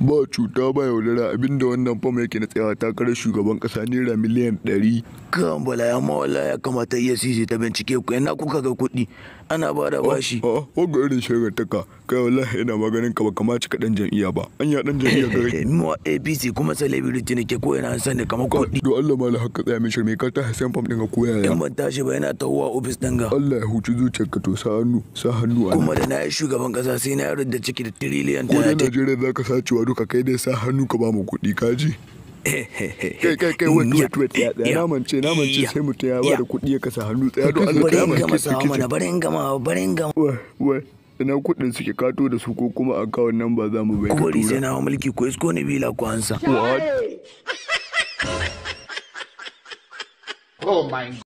ba cuta ba yaudara abinda wannan fam yake na tsayawa takarar shugaban kasa naira miliyan ɗari kan bala ya mawala ya kamata iya e sisi ta bincike ku yana kuka ga kuɗi ana ba da ah, bashi a ah, wagga irin shagar taka kai wallahi yana maganin ka ba kama cika ɗan jam'iyya ba an ya ɗan jam'iyya ga mu APC kuma celebrity ne ke ko yana san ne kamar kuɗi don Allah mala haka tsaya min shirme ka ta hasan fam ɗin ka koya ya in ban tashi ba yana tawowa ofis ɗin ga Allah ya huci zuciyarka to sa hannu sa hannu kuma da na yi shugaban kasa sai na yarda ciki da trillion 30 ko da Najeriya zaka sacewa Ka kai dai sa hannu ka ba mu kuɗi kaji kai kai kai wait wait wait ya naman ce naman ce sai mutum ya ba da kuɗi ya kasa hannu tsaya don Allah kai mun kisa kici barin gama barin gama wai wai ina kuɗin suke kato da su ko kuma a kawon nan ba za mu bai ka tura sai mulki ko isko ne bila ko ansa what oh my God.